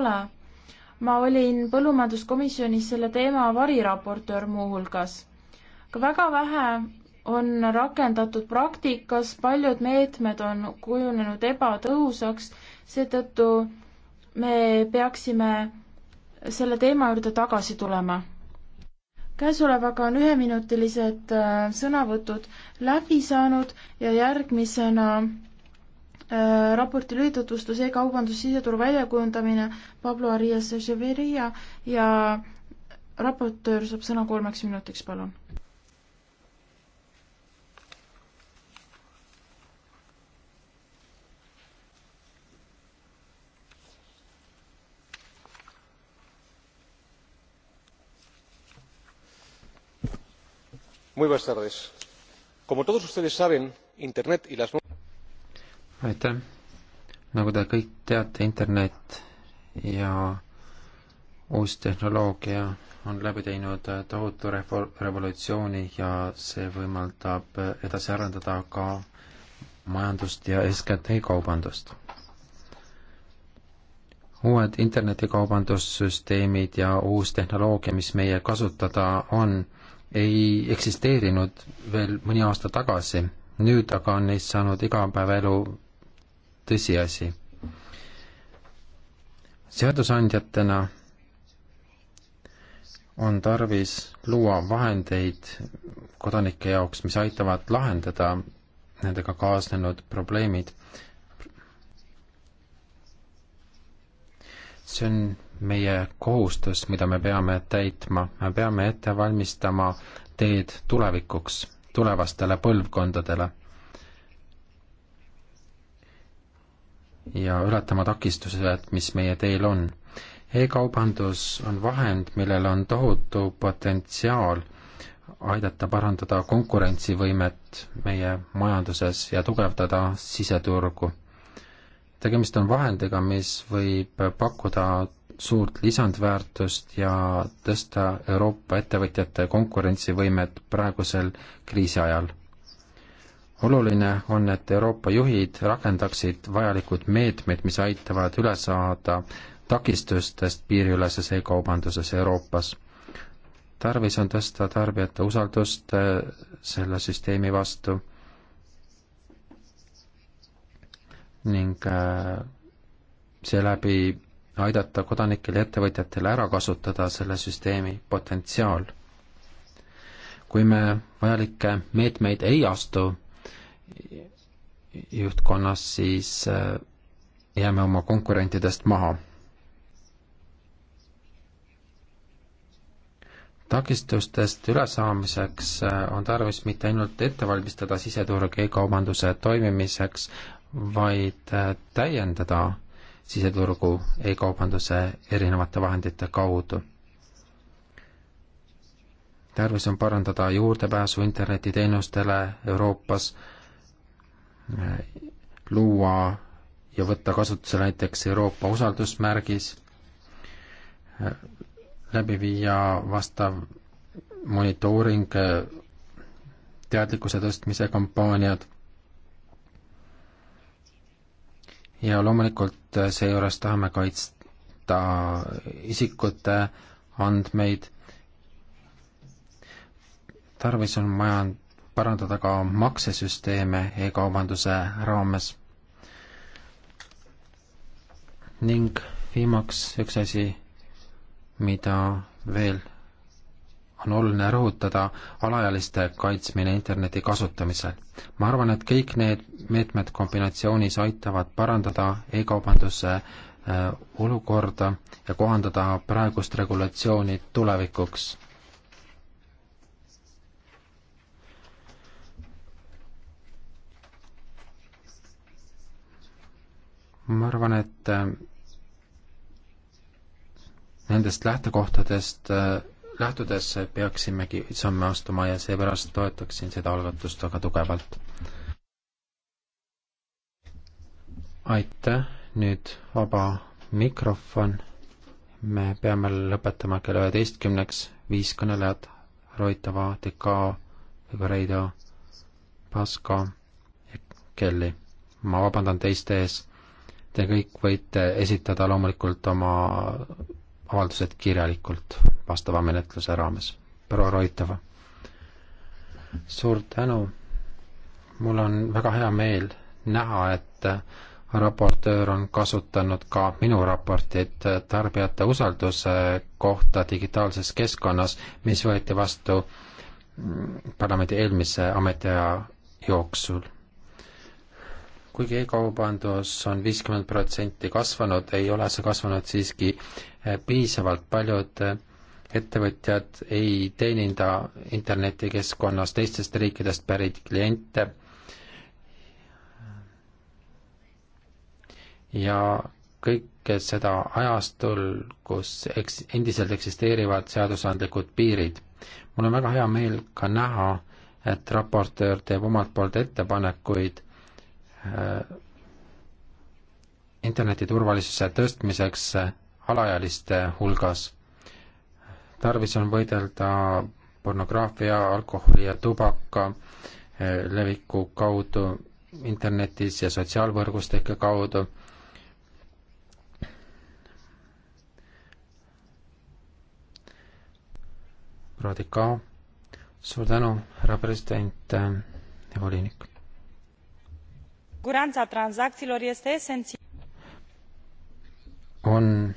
ole. ma olin põllumajanduskomisjonis selle teema variraportöör muuhulgas. ka väga vähe on rakendatud praktikas, paljud meetmed on kujunenud ebatõhusaks, seetõttu me peaksime selle teema juurde tagasi tulema. käesolevaga on üheminutilised äh, sõnavõtud läbi saanud ja järgmisena Äh, raporti lühitutvustus e-kaubandus siseturu väljakujundamine Pablo Arias Echeveria ja raportöör saab sõna kolmeks minutiks, palun. muy buenas tardes. como todos ustedes saben internet y las aitäh! nagu te kõik teate, internet ja uus tehnoloogia on läbi teinud tohutu revo-, revolutsiooni ja see võimaldab edasi arendada ka majandust ja eeskätt e-kaubandust. uued internetikaubandussüsteemid ja uus tehnoloogia, mis meie kasutada on, ei eksisteerinud veel mõni aasta tagasi, nüüd aga on neist saanud igapäevaelu tõsiasi. seadusandjatena on tarvis luua vahendeid kodanike jaoks, mis aitavad lahendada nendega kaasnenud probleemid. see on meie kohustus, mida me peame täitma, me peame ette valmistama teed tulevikuks, tulevastele põlvkondadele ja ületama takistused, mis meie teel on. E-kaubandus on vahend, millel on tohutu potentsiaal aidata parandada konkurentsivõimet meie majanduses ja tugevdada siseturgu. tegemist on vahendiga, mis võib pakkuda suurt lisandväärtust ja tõsta Euroopa ettevõtjate konkurentsivõimet praegusel kriisiajal oluline on, et Euroopa juhid rakendaksid vajalikud meetmed, mis aitavad üle saada takistustest piiriüleses e-kaubanduses Euroopas. tarvis on tõsta tarbijate usaldust äh, selle süsteemi vastu ning äh, seeläbi aidata kodanikel ja ettevõtjatel ära kasutada selle süsteemi potentsiaal. kui me vajalikke meetmeid ei astu, juhtkonnas, siis äh, jääme oma konkurentidest maha. takistustest ülesaamiseks äh, on tarvis mitte ainult ette valmistada siseturg e-kaubanduse toimimiseks, vaid äh, täiendada siseturgu e-kaubanduse erinevate vahendite kaudu tarvis on parandada juurdepääsu internetiteenustele Euroopas, luua ja võtta kasutusele näiteks Euroopa usaldusmärgis, läbi viia vastav monitooring, teadlikkuse tõstmise kampaaniad ja loomulikult seejuures tahame kaitsta isikute andmeid, tarvis on majand-, parandada ka maksesüsteeme e-kaubanduse raames. ning viimaks üks asi, mida veel on oluline rõhutada alaealiste kaitsmine interneti kasutamisel. ma arvan, et kõik need meetmed kombinatsioonis aitavad parandada e-kaubanduse äh, olukorda ja kohandada praegust regulatsiooni tulevikuks ma arvan, et äh, nendest lähtekohtadest äh, lähtudes peaksimegi samme astuma ja seepärast toetaksin seda algatust väga tugevalt. aitäh, nüüd vaba mikrofon. me peame lõpetama kella üheteistkümneks, viis kõnelejat, Roitava, Dekao, Figueiredo, Pasco ja Kelly. ma vabandan teiste ees Te kõik võite esitada loomulikult oma avaldused kirjalikult vastava menetluse raames. proua Roitova. suur tänu. mul on väga hea meel näha, et raportöör on kasutanud ka minu raportit tarbijate usalduse kohta digitaalses keskkonnas, mis võeti vastu parlamendi eelmise ametiaja jooksul kuigi e-kaubandus on viiskümmend protsenti kasvanud, ei ole see kasvanud siiski eh, piisavalt, paljud eh, ettevõtjad ei teeninda internetikeskkonnas teistest riikidest pärit kliente ja kõike seda ajastul, kus eks endiselt eksisteerivad seadusandlikud piirid. mul on väga hea meel ka näha, et raportöör teeb omalt poolt ettepanekuid Äh, interneti turvalisuse tõstmiseks äh, alaealiste hulgas. tarvis on võidelda pornograafia, alkoholi ja tubaka äh, leviku kaudu internetis ja sotsiaalvõrgustike kaudu. Radikao, suur tänu, härra president ja volinik Siguranța tranzacțiilor este esențială. On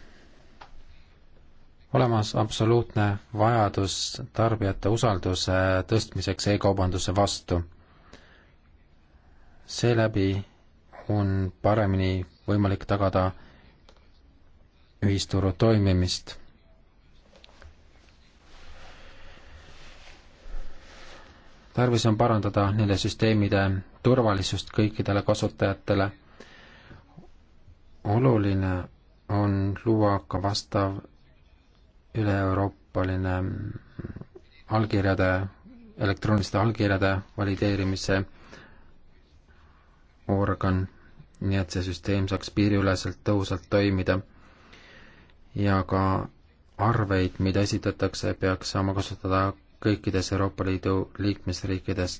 olemas absoluutne vajadus tarbijate usalduse tõstmiseks e-kaubanduse vastu. seeläbi on paremini võimalik tagada ühisturu toimimist tarvis on parandada nende süsteemide turvalisust kõikidele kasutajatele. oluline on luua ka vastav üle-euroopaline allkirjade, elektrooniliste allkirjade valideerimise organ, nii et see süsteem saaks piiriüleselt tõhusalt toimida. ja ka arveid, mida esitatakse, peaks saama kasutada kõikides Euroopa Liidu liikmesriikides.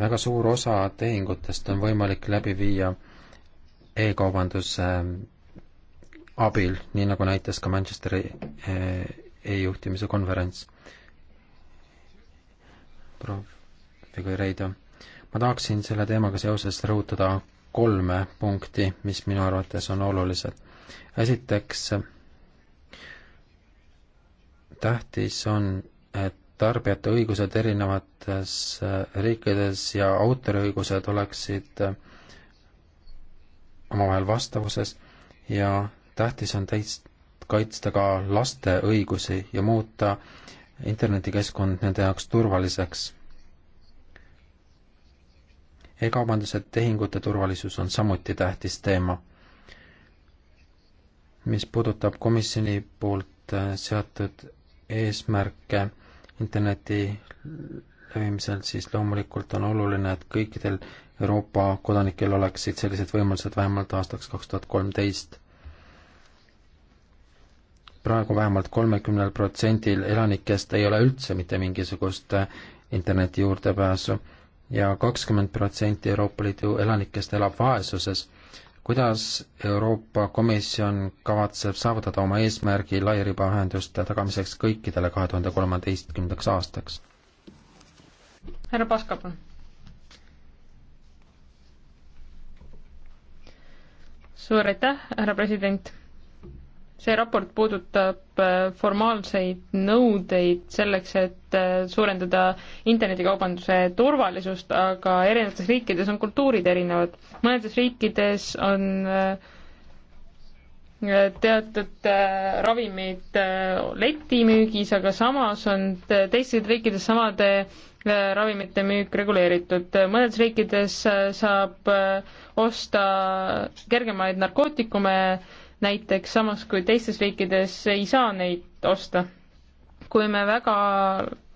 väga suur osa tehingutest on võimalik läbi viia e-kaubanduse ähm, abil, nii nagu näitas ka Manchesteri äh, e-juhtimise konverents. Figueiredo, ma tahaksin selle teemaga seoses rõhutada kolme punkti, mis minu arvates on olulised. esiteks tähtis on, et tarbijate õigused erinevates äh, riikides ja autoriõigused oleksid äh, omavahel vastavuses ja tähtis on täits-, kaitsta ka laste õigusi ja muuta internetikeskkond nende jaoks turvaliseks e. e-kaubanduse tehingute turvalisus on samuti tähtis teema. mis puudutab komisjoni poolt äh, seatud eesmärke interneti levimisel, siis loomulikult on oluline, et kõikidel Euroopa kodanikel oleksid sellised võimalused vähemalt aastaks kaks tuhat kolmteist. praegu vähemalt kolmekümnel protsendil elanikest ei ole üldse mitte mingisugust äh, interneti juurdepääsu ja kakskümmend protsenti Euroopa Liidu elanikest elab vaesuses kuidas Euroopa Komisjon kavatseb saavutada oma eesmärgi lairibaühenduste tagamiseks kõikidele kahe tuhande kolmeteistkümnendaks aastaks? härra Paska, palun. suur aitäh, härra president see raport puudutab äh, formaalseid nõudeid selleks, et äh, suurendada internetikaubanduse turvalisust, aga erinevates riikides on kultuurid erinevad. mõnedes riikides on äh, teatud ravimid letimüügis, aga samas on teistes riikides samade ravimite müük reguleeritud. mõnedes riikides saab osta kergemaid narkootikume näiteks, samas kui teistes riikides ei saa neid osta. kui me väga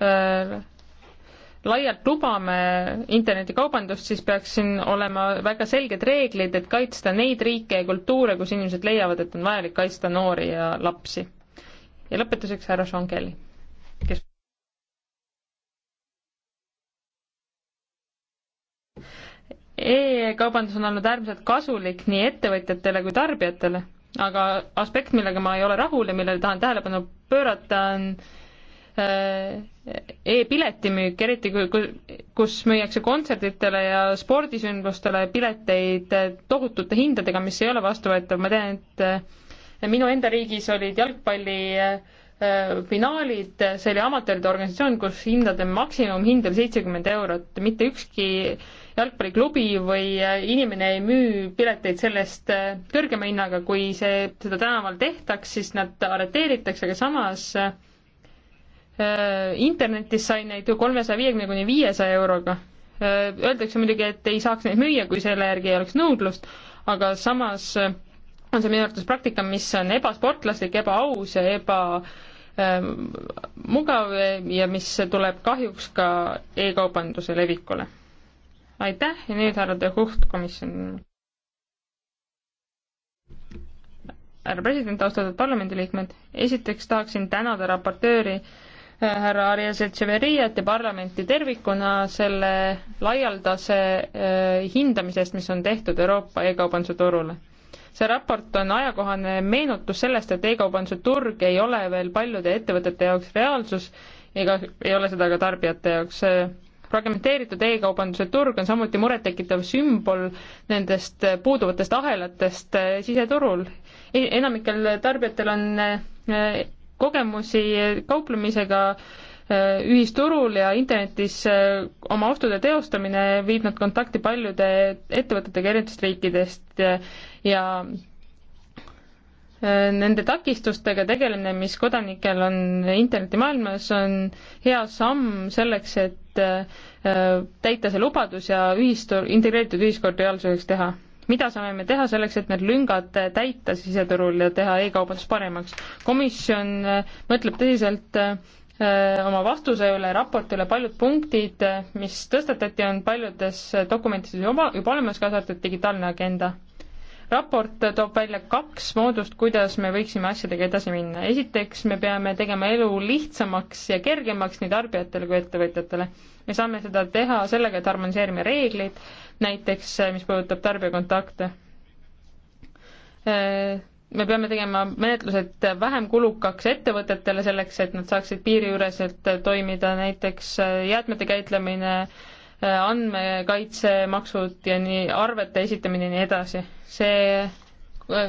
äh, laialt lubame internetikaubandust, siis peaks siin olema väga selged reeglid, et kaitsta neid riike ja kultuure, kus inimesed leiavad, et on vajalik kaitsta noori ja lapsi. ja lõpetuseks härra Sean Kelly, kes e-kaubandus on olnud äärmiselt kasulik nii ettevõtjatele kui tarbijatele aga aspekt, millega ma ei ole rahul ja millele tahan tähelepanu pöörata, on äh, e-pileti müük, eriti kui, kui, kus müüakse kontsertidele ja spordisündmustele pileteid äh, tohutute hindadega, mis ei ole vastuvõetav, ma tean, et äh, minu enda riigis olid jalgpalli finaalid, see oli amatööride organisatsioon, kus hindade maksimumhind oli seitsekümmend eurot, mitte ükski jalgpalliklubi või äh, inimene ei müü pileteid sellest äh, kõrgema hinnaga, kui see, seda tänaval tehtaks, siis nad arreteeritakse, aga samas äh, äh, internetis sai neid ju kolmesaja viiekümne kuni viiesaja euroga äh,. Öeldakse muidugi, et ei saaks neid müüa, kui selle järgi ei oleks nõudlust, aga samas on see minu arvates praktika, mis on ebasportlaslik, ebaaus ja eba ähm, mugav ja mis tuleb kahjuks ka e-kaubanduse levikule aitäh ja nüüd härra De Hucht, komisjon. härra president, austatud parlamendiliikmed, esiteks tahaksin tänada raportööri äh, härra Arias Echeveriat ja parlamenti tervikuna selle laialdase äh, hindamise eest, mis on tehtud Euroopa e-kaubanduse turule. see raport on ajakohane meenutus sellest, et e-kaubanduse turg ei ole veel paljude ettevõtete jaoks reaalsus ega ei ole seda ka tarbijate jaoks äh, fragmenteeritud e-kaubanduse turg on samuti murettekitav sümbol nendest puuduvatest ahelatest äh, siseturul. E-, enamikel tarbijatel on äh, kogemusi kauplemisega äh, ühisturul ja internetis oma ostude teostamine viib nad kontakti paljude ettevõtetega erinevatest riikidest ja nende takistustega tegelemine, mis kodanikel on internetimaailmas, on hea samm selleks, et et äh, täita see lubadus ja ühistu, integreeritud ühiskord reaalsuseks teha. mida saame me teha selleks, et need lüngad täita siseturul ja teha e-kaubandus paremaks? komisjon äh, mõtleb tõsiselt äh, oma vastuse üle, raporti üle, paljud punktid, mis tõstatati, on paljudes dokumentides juba, juba olemas, kaasa arvatud digitaalne agenda raport toob välja kaks moodust, kuidas me võiksime asjadega edasi minna. esiteks, me peame tegema elu lihtsamaks ja kergemaks nii tarbijatele kui ettevõtjatele. me saame seda teha sellega, et harmoniseerime reegleid, näiteks eh, mis puudutab tarbijakontakte. Eh, me peame tegema menetlused vähem kulukaks ettevõtetele selleks, et nad saaksid piiriüleselt eh, toimida, näiteks jäätmete käitlemine, andmekaitsemaksud ja nii arvete esitamine ja nii edasi. see, äh,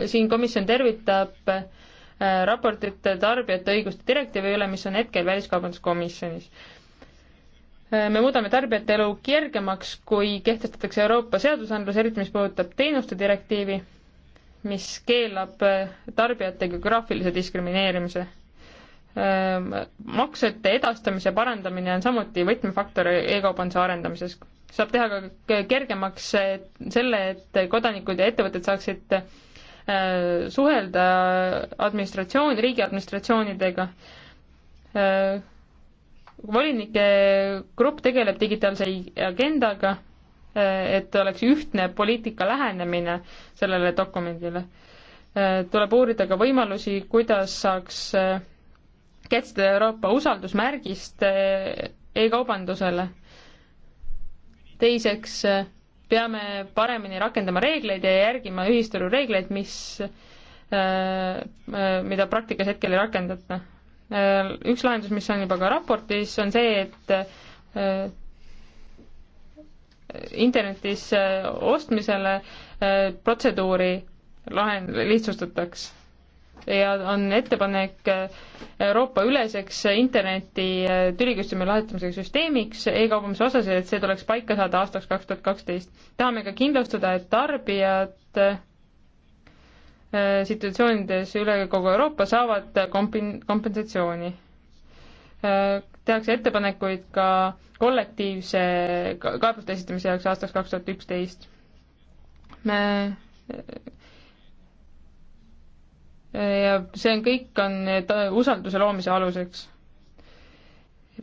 siin komisjon tervitab äh, raportit tarbijate õiguste direktiivi üle, mis on hetkel Väliskaubanduskomisjonis. Äh, me muudame tarbijate elu kergemaks, kui kehtestatakse Euroopa seadusandlus, eriti mis puudutab teenuste direktiivi, mis keelab tarbijate geograafilise diskrimineerimise Ehm, maksete edastamise parandamine on samuti võtmefaktor e-kaubanduse arendamises. saab teha ka kergemaks selle, et kodanikud ja ettevõtted saaksid ehm, suhelda administratsioon, riigi administratsioonidega. Ehm, volinike grupp tegeleb digitaalse agendaga, et oleks ühtne poliitika lähenemine sellele dokumendile. tuleb uurida ka võimalusi, kuidas saaks kehtestada Euroopa usaldusmärgist eh, e-kaubandusele. teiseks eh, peame paremini rakendama reegleid ja järgima ühisturu reegleid, mis, eh, mida praktikas hetkel ei rakendata. üks lahendus, mis on juba ka raportis, on see, et internetis ostmisele protseduuri lahend-, lihtsustataks ja on ettepanek eh, Euroopa üleseks interneti eh, tüliküsimuse lahendamise süsteemiks e-kaubanduse osas ja et see tuleks paika saada aastaks kaks tuhat kaksteist. tahame ka kindlustada, et tarbijad eh, situatsioonides üle kogu Euroopa saavad kompen-, kompensatsiooni. tehakse ettepanekuid ka kollektiivse kaebuste esitamise jaoks aastaks kaks tuhat üksteist. me ja see on, kõik on äh, usalduse loomise aluseks.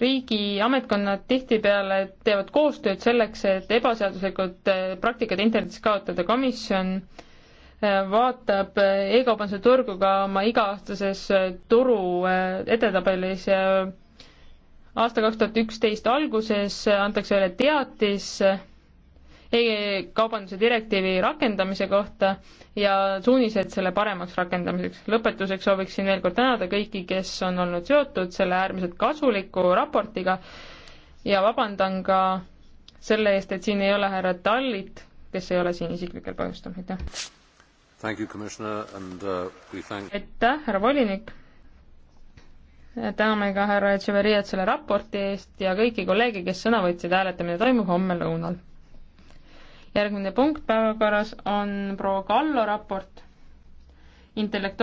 riigi ametkonnad tihtipeale teevad koostööd selleks, et ebaseaduslikud äh, praktikad internetis kaotada. komisjon äh, vaatab e-kaubanduse turgu ka oma iga-aastases turu edetabelis ja aasta kaks tuhat üksteist alguses antakse välja teatis e-kaubanduse direktiivi rakendamise kohta ja suunised selle paremaks rakendamiseks. lõpetuseks sooviksin veel kord tänada kõiki, kes on olnud seotud selle äärmiselt kasuliku raportiga ja vabandan ka selle eest, et siin ei ole härra Tallit, kes ei ole siin isiklikel põhjustel, aitäh. Uh, aitäh, härra volinik. täname ka härra Etševeriat selle raporti eest ja kõiki kolleege, kes sõna võtsid, hääletamine toimub homme lõunal järgmine punkt päevakorras on proua Kallo raport intellektuaal-